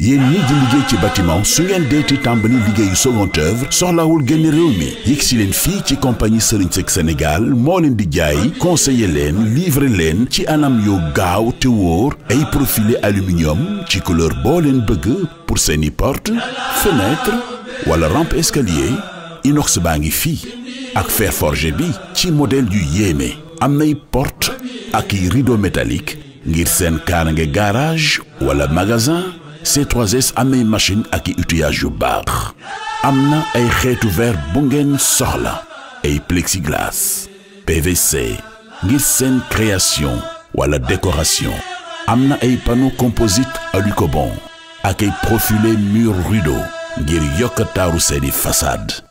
yéen ñii di liggéey ci bâtiment su ngeen deeti tàmbali liggéeyu second œuvre soxlawul génn réew mi yegg si fii ci compagnie Serigne Seck Sénégal moo leen di jaay conseiller leen livrer leen ci anam yoo gaaw te wóor ay profilé aluminium ci couleur boo leen bëgg pour seeni porte fenêtre wala rampe escalier inox baa ngi fii ak fer forgé bi ci modèle yu yéeme am nay porte ak i rideau ngir seen kaarange garage wala magasin C3S machine ak i outillage yu baax am na ay xeetu verre bu ngeen soxla ay plexiglas PVC ngir seen création wala décoration am na ay panneau composite alucobond ak ay profilé mur rideau ngir yokk taaru seeni façade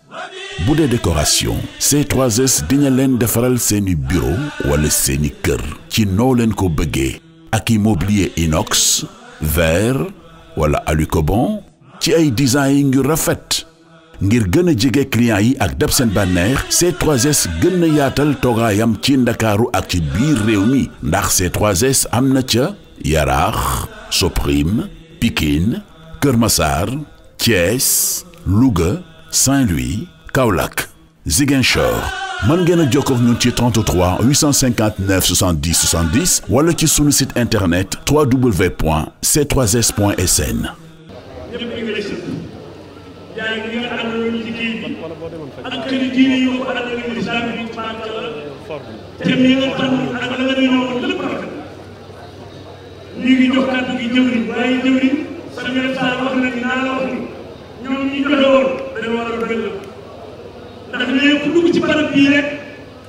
bu dee décoration c 3 dina leen defaral seeni bureau wala seeni kër ci noo leen ko bëggee ak i mobilier inox verre wala alucobon ci ay design yu rafet ngir gën a jege client yi ak dab seen bànneex C3S gën a yaatal toogaayam ci ndakaaru ak ci biir réew mi ndax C3S am na ca Yaraax Soprim Pikine Kër Massar Thiès Louga Saint-Louis Kaolack Ziguinchor mën ngeen a jokkoo ak ñun ci 33 859 70 70 wala ci sunu site internet www.c3s.sn. ñu ngi jox kàddu gi jëwriñ waaye jëwriñ sa mel saa wax na dinaa la wax ni ñoom ñi joxe bii rek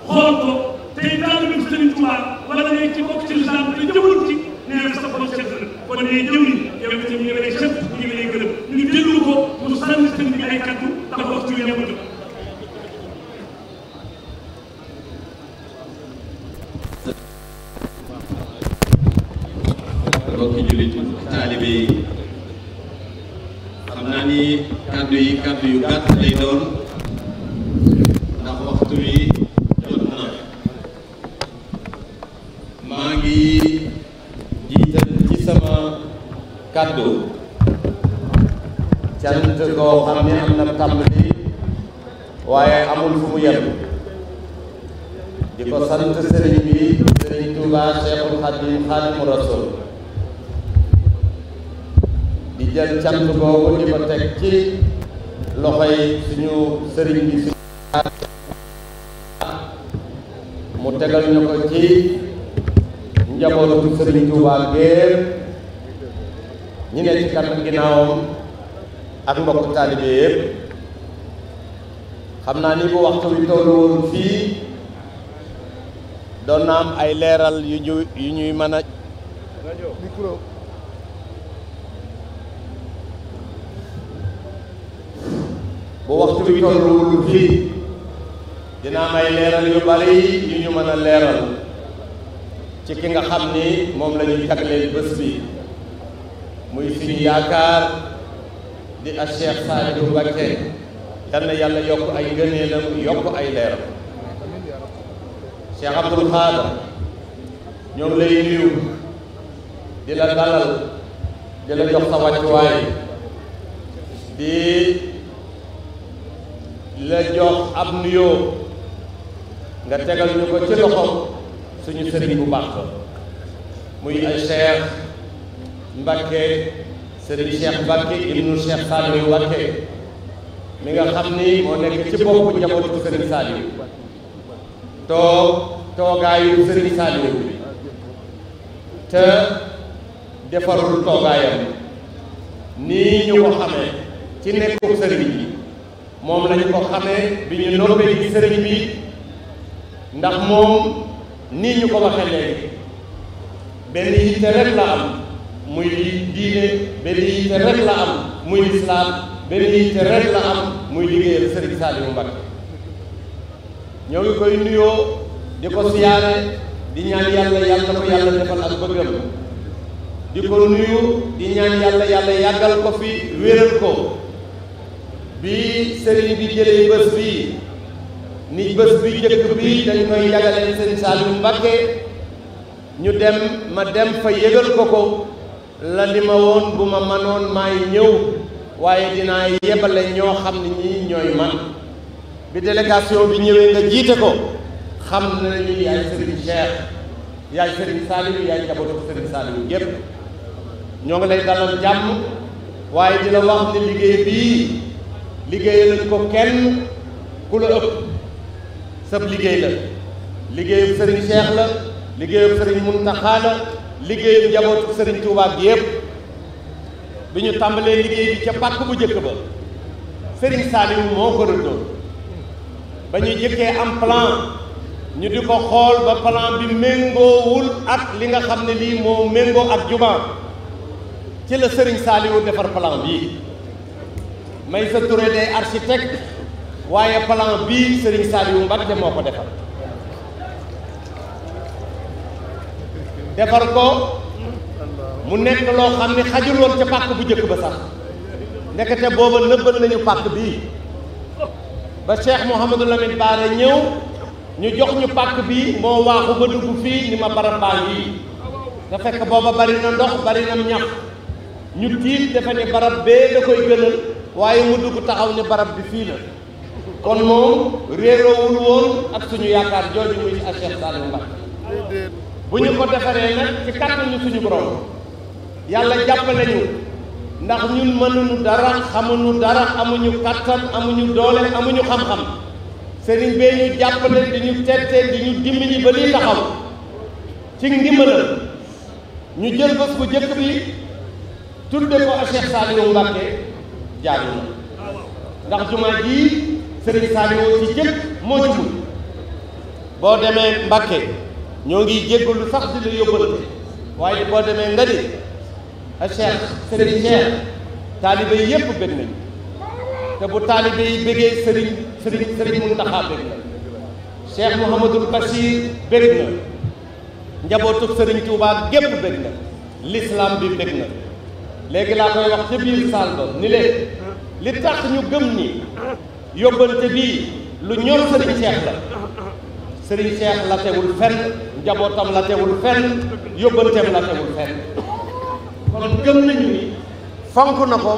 xool ko tey daal bi Sëriñ Tuubaa wala ngay ci bokk ci lislaam te jëmul ci nee na sa xol set na kon nee jëmli yow itam ñu ngi lay set ñu ngi lay gërëm ñu déglu ko mu sànni sëñ bi ay kaddu kaddu cant koo xam ne am na tàmbali waaye amul fu mu yem di ko sant sëriñ bi sëriñ Touba Cheikhul Khadim Khadimu Rasul di jël cant boobu di ko teg ci loxoy suñu sëriñ bi suñu mu tegal ñu ko ci njabootu sëriñ Touba géer ñi ne ci kanam ginnaawam ak mbokk taalibe yëpp xam naa ni bu waxtu wi tollu woon fii doon na am ay leeral yu yu ñuy mën a bu waxtu wi tolluwul dina am ay leeral yu bari yu ñu mën a leeral ci ki nga xam ni moom la ñuy jagleel bés bi muy suñu yaakaar di a Cheikh Sadio Mbacké yal na yàlla yokk ay ngëneelam yokk ay leeram Cheikh Abdoul Khadr ñoo ngi lay nuyu di la dalal di la jox sa wàccuwaay di la jox ab nuyoo nga tegal ñu ko ci loxoom suñu sëriñ bu baax muy ay Cheikh Mbacke Serigne Cheikh Mbacke ibnu Cheikh Saliou Mbacke mi nga xam ni moo nekk ci boppu njabootu Serigne Saliou toog toogaayu Serigne Saliou bi te defarul toogaayam nii ñu ko xamee ci nekku Serigne bi moom lañu ko xamee bi ñu noppee ci Serigne bi ndax moom nii ñu ko waxee léegi benn yitte rek la am. muy diine benn yitte rek la am muy lislaam benn yitte rek la am muy liggéeyal Serigne Saliou Mbacké ñoo ngi koy nuyoo di ko siyaare di ñaan yàlla yàlla ko yàlla defal ak bëggam di ko nuyu di ñaan yàlla yàlla yàggal ko fi wéral ko bii sëriñ bi jëlee bés bii ni bés bi njëkk bii dañ koy yagaleen Serigne Saliou Mbacké ñu dem ma dem fa yëgal ko ko la li ma woon bu ma manoon maay ñëw waaye dinaa yebale ñoo xam ne ñii ñooy man bi délégation bi ñëwee nga jiite ko xam nañu yaay sëriñ Cheikh yaay sëriñ Saliou yaay njabootu sëriñ Saliou yépp ñoo ngi lay dalal jàmm waaye di la wax ni liggéey bii liggéey lañ ko kenn ku la ëpp sab liggéey la liggéeyub sëriñ Cheikh la liggéeyub sëriñ Mountakha liggéeyu njabootu Serigne Touba gi bi ñu tàmbalee liggéey bi ca pàkk bu njëkk ba Serigne Saliou moo ko rëddoon ba ñu jëkkee am plan ñu di ko xool ba plan bi méngoowul ak li nga xam ne lii moo méngoo ak juma ci la Serigne Saliou defar plan bii Maysa Touré day architecte waaye plan bii Serigne Saliou Mbacké moo ko defar. defar ko mu nekk loo xam ne xajul ca pàkk bu njëkk ba sax nekkate booba nëbbal nañu pàkk bii ba Cheikh Mouhamadou Lamine na ñëw ñu jox ñu pàkk bii moo waaxu ba dugg fii ni ma barab baa ngi te fekk booba bari na ndox bari na ñu tiit dafa ne barab bee da koy gënal waaye mu dugg taxaw ne barab bi fii la kon moom réeroowul woon ak suñu yaakaar jooju muy Cheikh Saliou Mbacké bu ñu ko defaree nag ci kàttanu suñu borom yàlla jàppale ndax ñun mënuñu dara xamuñu dara amuñu kàttan amuñu doole amuñu xam-xam sëriñ bee ñu jàppale di ñu tettee di ñu dimbali ba liy taxaw ci ndimbalal ñu jël bés bu jëkk bi tudde ko ak Cheikh Saliou Mbacké jaadu ndax jumaa ji sëriñ Saliou ci jëkk moo ci boo demee Mbacké ñoo ngi jéggalu sax di la yóbbante waaye boo demee nga ni Cheikh Serigne Cheikh taalibe yépp bëgg nañu te bu taalibe yi bëggee Serigne Serigne Serigne Mountakha bëgg na Cheikh Mouhamadul Bachir bëgg na njabootu Serigne Touba gépp bëgg na l'islam bi bëgg na léegi laa koy wax ci biir saal ba ni leen li tax ñu gëm ni yóbbante bii lu ñor Serigne Cheikh la Serigne Cheikh la tegul fenn njabootam la teewul fenn yóbbanteem la teewul fenn kon gëm nañu ni fonk na ko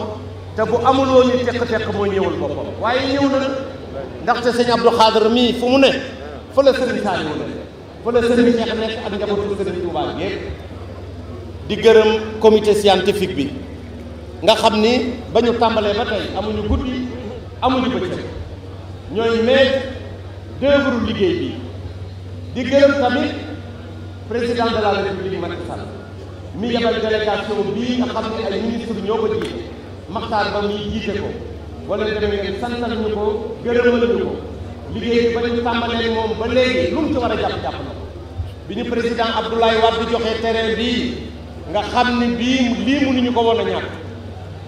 te bu amul woon ni teq-teq mooy ñëwul boppam waaye ñëw na ndaxte sëñ Abdou Khadre mii fu mu ne fa la sëriñ Saliou ne fa la sëriñ Cheikh nekk ak njabootu sëriñ Touba yépp di gërëm comité scientifique bi nga xam ni ba ñu tàmbalee ba tey amuñu guddi amuñu bëccëg ñooy maître d'œuvre liggéey bi di gërëm tamit président de la république Macky Sall mi yebal délégation bii nga xam ne ay ministre ñoo ko jiite Makhtar Ba muy jiite ko wala demee ngeen santal ñu ko gërëmal ñu ko liggéey bi ba ñu tàmbalee moom ba léegi lu mu ci war a jàpp jàpp na bi ñu président Abdoulaye Wade joxee terrain bii nga xam ne bii lii mënuñu ko woon a ñàkk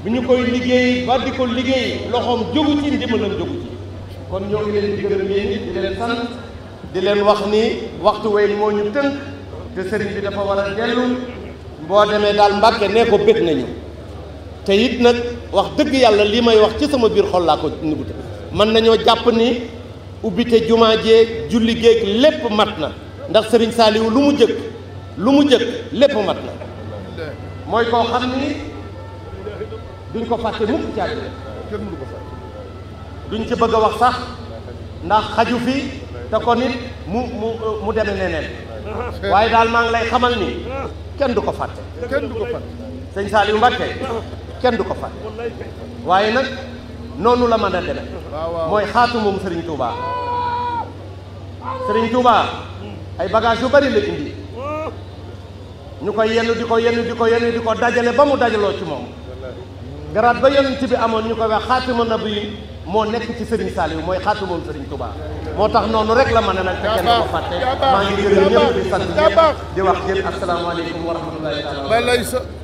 bi ñu koy liggéey ba di ko liggéey loxoom jógu ci ndimbalam jógu ci kon ñoo ngi leen di gërëm yéen di leen sant di leen wax ni waxtu wey moo ñu tënk te sëriñ bi dafa war a dellu boo demee daal Mbàkke nee ko bëgg nañu te it nag wax dëgg yàlla li may wax ci sama biir xol laa ko nugute mën nañoo jàpp ni ubbite jumaa jeeg julli géeg lépp mat na ndax sëriñ Saaliwu lu mu jëkk lu mu jëkk lépp mat na duñ ko fàtte mukk ci wax sax ndax xaju fi te ko nit mu mu mu deme neneen waaye daal maa ngi lay xamal ni kenn du ko fàtte. kenn du ko fàtte. sëñ Saliou Mbacke kenn du ko fàtte waaye nag noonu la mën a deme mooy xaatu moom Serigne Touba Serigne Touba ay bagage yu bari la indi ñu koy yenn di ko yenn di ko yenn di ko dajale ba mu dajaloo ci moom garaat ba yonent bi amoon ñu koy wax na nabi moo nekk ci Serigne Saliou mooy xaatu moom Serigne Touba moo tax noonu rek la mën a nag fekkee na ko fàtte maa ngi gërëm ñëpp di sant ñëpp di wax jël asalaamaaleykum wa rahmatullahi taala